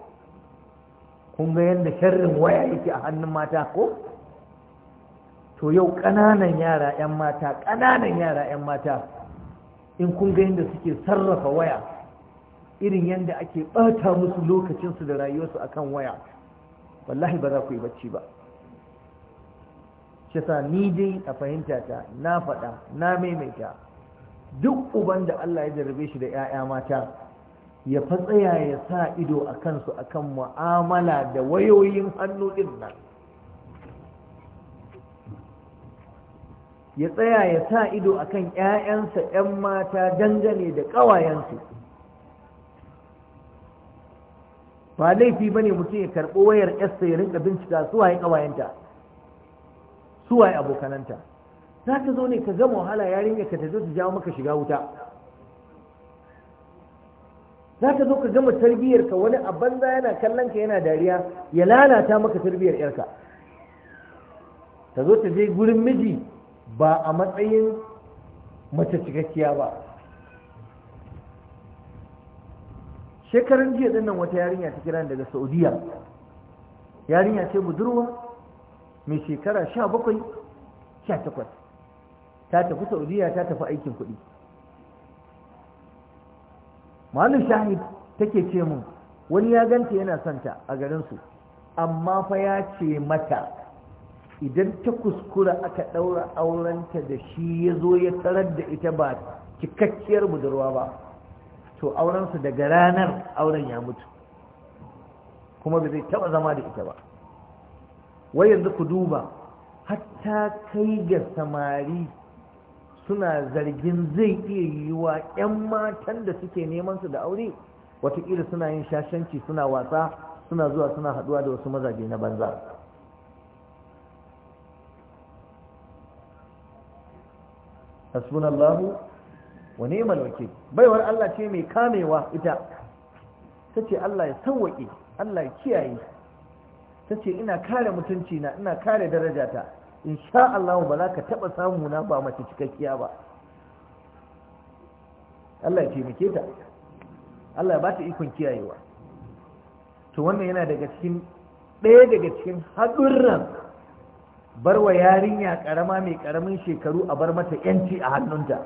kun ga yadda sharrin waya yake a hannun mata ko? to yau ƙananan yara 'yan mata ƙananan yara 'yan mata in kun ga yadda suke sarrafa waya irin yadda ake ɓata musu lokacinsu da rayuwarsu akan waya wallahi ba za ku yi bacci ba shi ni dai a fahimta ta na faɗa na maimaita duk uban da Allah ya jarabe shi da 'ya'ya mata ya fatsaya ya sa ido a kansu akan mu'amala da wayoyin hannu ɗin nan ya tsaya ya sa ido a kan 'ya'yansa 'yan mata dangane da ƙawayensu ba laifi ba ne mutum ya karɓo wayar 'yarsa ya rinka bincika waye ƙawayenta waye abokananta za ka zo ne ka gama wahala yarinya ka zo ta jawo maka shiga wuta za ka zo ka gama tarbiyyarka wani a banza yana kallon ka yana dariya ya lalata maka tarbiyyar yarka ta zo ta je gurin miji ba a matsayin mace cikakkiya ba shekarun jiya din nan wata yarinya ta kira daga saudiya yarinya ce budurwa mai shekara sha bakwai sha takwas ta tafi saudiya ta tafi aikin kuɗi malu shahid take ce mun wani ya ganta yana santa a garinsu amma fa ya ce mata idan ta kuskura aka ɗaura aurenta da shi ya zo ya tarar da ita ba cikakkiyar budurwa ba to aurensu daga ranar auren ya mutu kuma ba zai taɓa zama da ita ba wai yanzu ku duba hatta kai ga samari suna zargin zai iya yiwuwa 'yan matan da suke neman su da aure watakila suna yin shashanci suna wasa suna zuwa suna haɗuwa da wasu mazaje na banza hasbunallahu wa ni'mal wakeel baiwar Allah ce mai kamewa ita tace Allah ya sauwake Allah ya kiyaye tace ina kare mutunci na ina kare darajata insha Allah ba za ka taba samu na ba mace cikakkiya ba Allah ya taimake ta Allah ya ba ta ikon kiyayewa to wannan yana daga cikin ɗaya daga cikin haɗurran Bar wa yarinya karama mai karamin shekaru a bar mata yanci a hannunta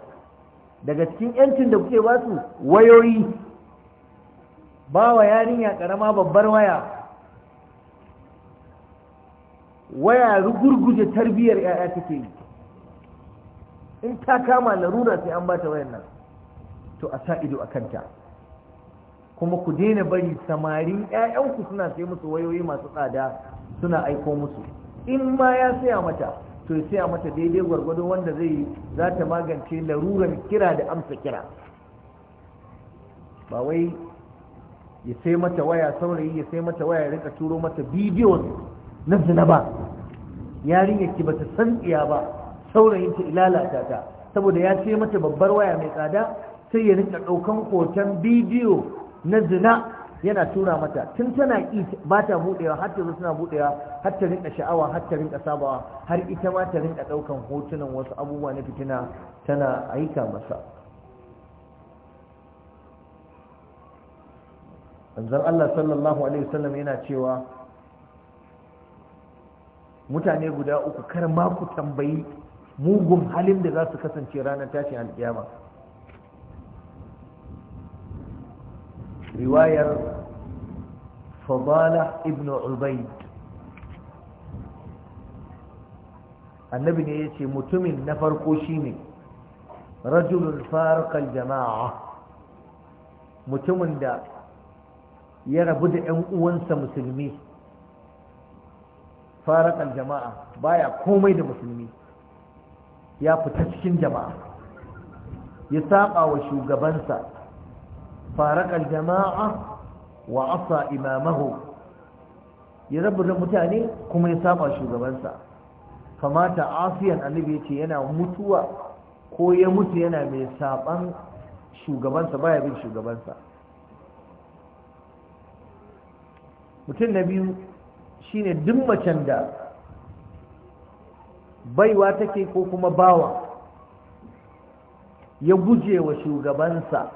daga cikin yancin da kuke basu wayoyi ba wa yarinya karama babbar waya waya rugurguje tarbiyyar yaya take yi in ta kama larura sai an bata wayan nan to a sa ido a kanta kuma ku daina bari samarin 'ya'yanku suna sai musu wayoyi masu tsada suna aiko musu in ma ya saya mata to ya saya mata daidai gwargwado wanda zai yi za ta magance larurar kira da amsa kira ba wai ya sai mata waya saurayi ya sai mata waya rika turo mata bidiyo na zina ba yarinyar ki bata san tsiya ba saurayin ta ilalata ta saboda ya sai mata babbar waya mai tsada sai ya rika daukan hoton bidiyo na zina yana tura mata tun tana ki ba ta budewa har ta zo budewa har ta rinka sha'awa har ta rinka sabawa har ita ma ta rinka daukan hotunan wasu abubuwa na fitina tana aika masa Anzan Allah sallallahu alaihi wasallam yana cewa mutane guda uku kar ma ku tambayi mugun halin da za su kasance ranar tashin alkiyama riwayar fadala ibn ubaid annabi ne yace mutumin na farko shine rajulun farqal jama'a mutumin da ya rabu da 'yan uwansa musulmi farqal jama'a baya komai da musulmi ya fita cikin jama'a ya saba wa shugabansa فارق الجماعة وعصى إمامه يربط المتاني كما يسامى shugabansa. فمات عاصيا النبي يتي ينا متوى ko ya mutu yana mai saban shugabansa ما bin shugabansa mutum na biyu shine duk macen da baiwa take ko kuma bawa ya guje wa shugabansa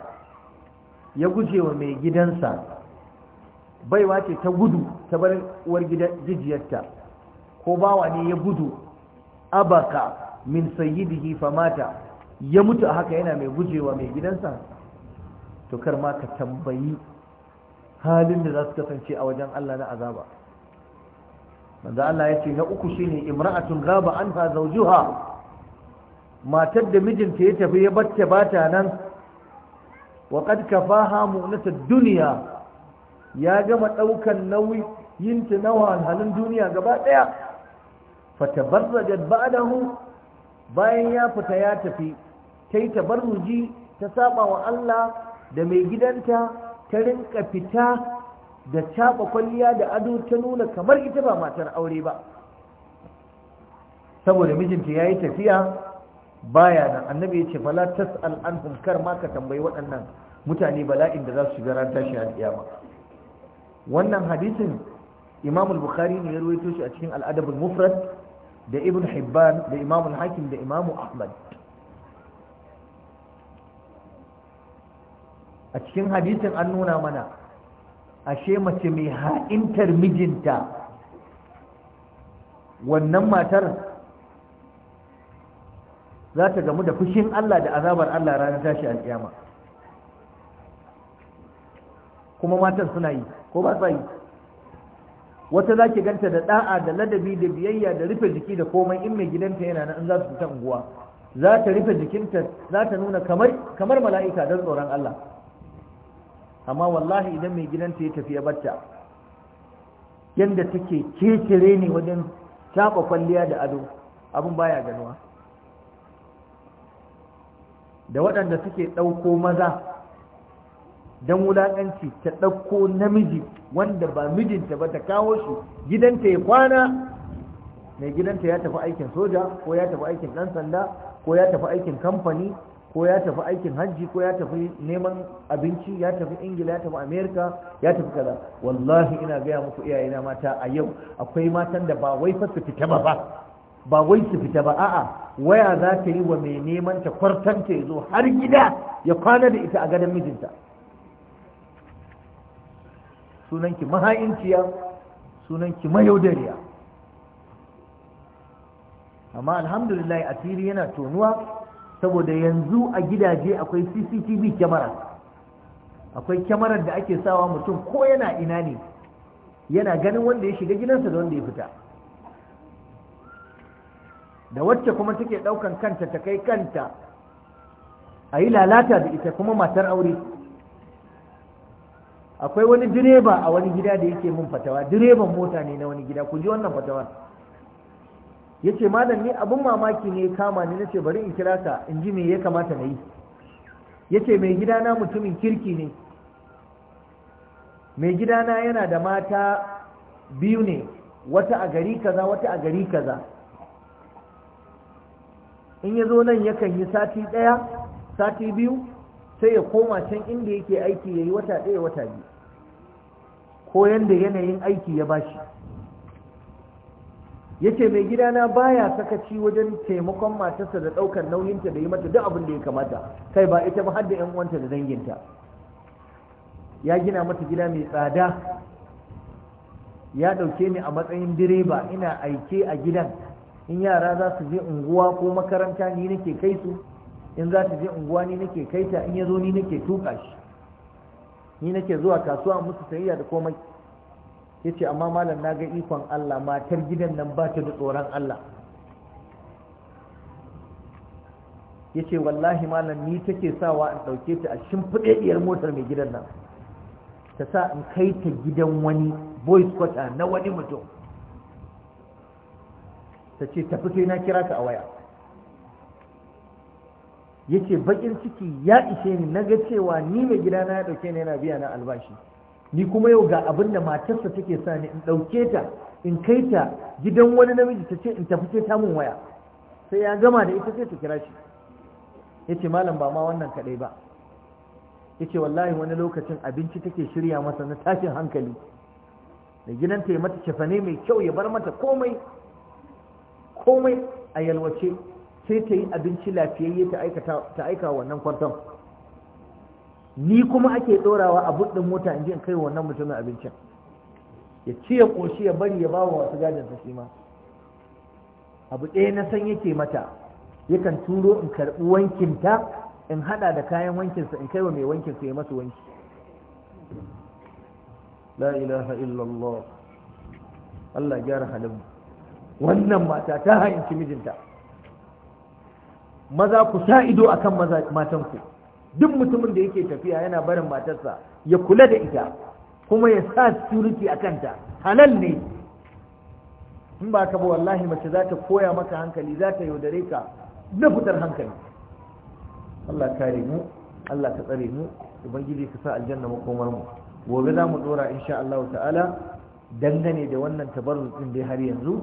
ya guje wa mai gidansa baiwa ce ta gudu ta bar uwar jijiyarta ko bawa ne ya gudu abaka min sayyidihi famata ya mutu a haka yana mai guje wa mai gidansa to kar ma ka tambayi halin da za su kasance a wajen Allah na azaba manzo Allah ya ce na uku shine imra'atun ghaba anha zawjuha matar da mijinta ya tafi ya batta bata nan wa qad kafaha duniya ya gama ɗaukan nauyi yinta nawa halin duniya gaba daya da ba'dahu bayan ya fita ya tafi tai tabarruji ta saba wa Allah da mai gidanta ta rinka fita da caɓa kwalliya da ado ta nuna kamar ita ba matar aure ba saboda mijinta ya yi tafiya baya nan annabi ya ce fala tas'al anhum kar ma ka tambayi waɗannan mutane bala'in da za su shiga ran tashi alƙiyama wannan hadisin Imam al-Bukhari ne ya ruwaito shi a cikin Al-Adab al-Mufrad da Ibn Hibban da Imam al-Hakim da Imam Ahmad a cikin hadisin an nuna mana ashe mace mai ha'intar mijinta wannan matar za ta gamu da fushin Allah da azabar Allah ranar tashi alƙiyama kuma matan suna yi ko ba sa yi wata za ki ganta da da'a da ladabi da biyayya da rufe jiki da komai in mai gidanta yana nan za su fita unguwa za ta rufe jikinta za ta nuna kamar kamar mala'ika don tsoron Allah amma wallahi idan mai gidanta ya tafi ya batta yanda take kekere ne wajen taɓa kwalliya da ado abin baya ganuwa da waɗanda suke ɗauko maza don wulaƙanci ta ɗauko namiji wanda ba mijinta ba ta kawo shi gidanta ya kwana mai gidanta ya tafi aikin soja ko ya tafi aikin ɗan sanda ko ya tafi aikin kamfani ko ya tafi aikin hajji ko ya tafi neman abinci ya tafi ingila ya tafi amerika ya tafi kaza wallahi ina gaya muku iyayena mata a yau akwai matan da ba wai fa fita ba ba ba wai ki fita ba a'a waya za ta yi wa mai neman ta kwartanta ya zo har gida ya kwana da ita a gadon mijinta sunanki maha'inciya sunanki mayaudariya amma alhamdulillah asiri yana tonuwa saboda yanzu a gidaje akwai cctv kyamara akwai kyamarar da ake sawa mutum ko yana ina ne yana ganin wanda ya shiga gidansa da wanda ya fita da wacce kuma take ɗaukan kanta ta kai kanta a yi lalata da ita kuma matar aure akwai wani direba a wani gida da yake mun fatawa direban mota ne na wani gida ku ji wannan fatawar ya ce malam ni abin mamaki ne kama ni na bari in kira ka in ji me ya kamata na yi ya ce mai gidana mutumin kirki ne mai gidana yana da mata biyu ne wata a gari kaza wata a gari kaza in ya zo nan yakan yi sati ɗaya sati biyu sai ya koma can inda yake aiki ya yi wata ɗaya wata biyu ko yanda yanayin aiki ya bashi ya ce mai na baya sakaci wajen taimakon matarsa da ɗaukar nauyinta da yi mata duk abin da ya kamata kai ba ita ba har da 'yan uwanta da danginta ya gina mata gida mai tsada ya ɗauke ni a matsayin direba ina aike a gidan in yara za su je unguwa ko makaranta ni nake kai su in za su je unguwa ni nake kai ta in ya zo ni nake tuka shi ni nake zuwa kasuwa musu sayayya da komai ya ce amma malam na ga ikon Allah matar gidan nan ba ta da tsoron Allah ya ce wallahi malam ni take sawa in ɗauke ta a shimfiɗaɗɗiyar motar mai gidan nan ta sa in kai ta gidan wani boy squatter na wani mutum ta ce tafi sai na kira ta a waya ya ce bakin ciki ya ishe ni na ga cewa ni mai gida na ya dauke ni yana biya na albashi ni kuma yau ga abin da matarsa take sa ni in dauke ta in kai ta gidan wani namiji ta ce in tafi sai ta mun waya sai ya gama da ita sai ta kira shi ya ce malam ba ma wannan kaɗai ba ya ce wallahi wani lokacin abinci take shirya masa na tashin hankali da gidan ta yi mata cefane mai kyau ya bar mata komai komai a yalwace sai ta yi abinci lafiyayye ta aika wannan kwanton ni kuma ake ɗorawa a buɗin mota in ji in kai wannan mutumin abincin ya ci ya ƙoshi ya bari ya ba wa wasu sa shi ma abu ɗaya na san yake mata yakan turo in karɓi wankinta in haɗa da kayan wankinsa in kai wa mai wankinsa ya masa wanki la ilaha illallah Allah gyara halin mu. wannan mata ta ha'inci mijinta maza ku sa ido akan matanku duk mutumin da yake tafiya yana barin matarsa ya kula da ita kuma ya sa security a kanta halal ne in ba ka ba wallahi mace za ta koya maka hankali za ta yaudare ka na fitar hankali Allah kare mu Allah ka tsare mu ubangiji ka sa aljanna makomar mu gobe za mu dora insha Allah ta'ala dangane da wannan tabarruz din dai har yanzu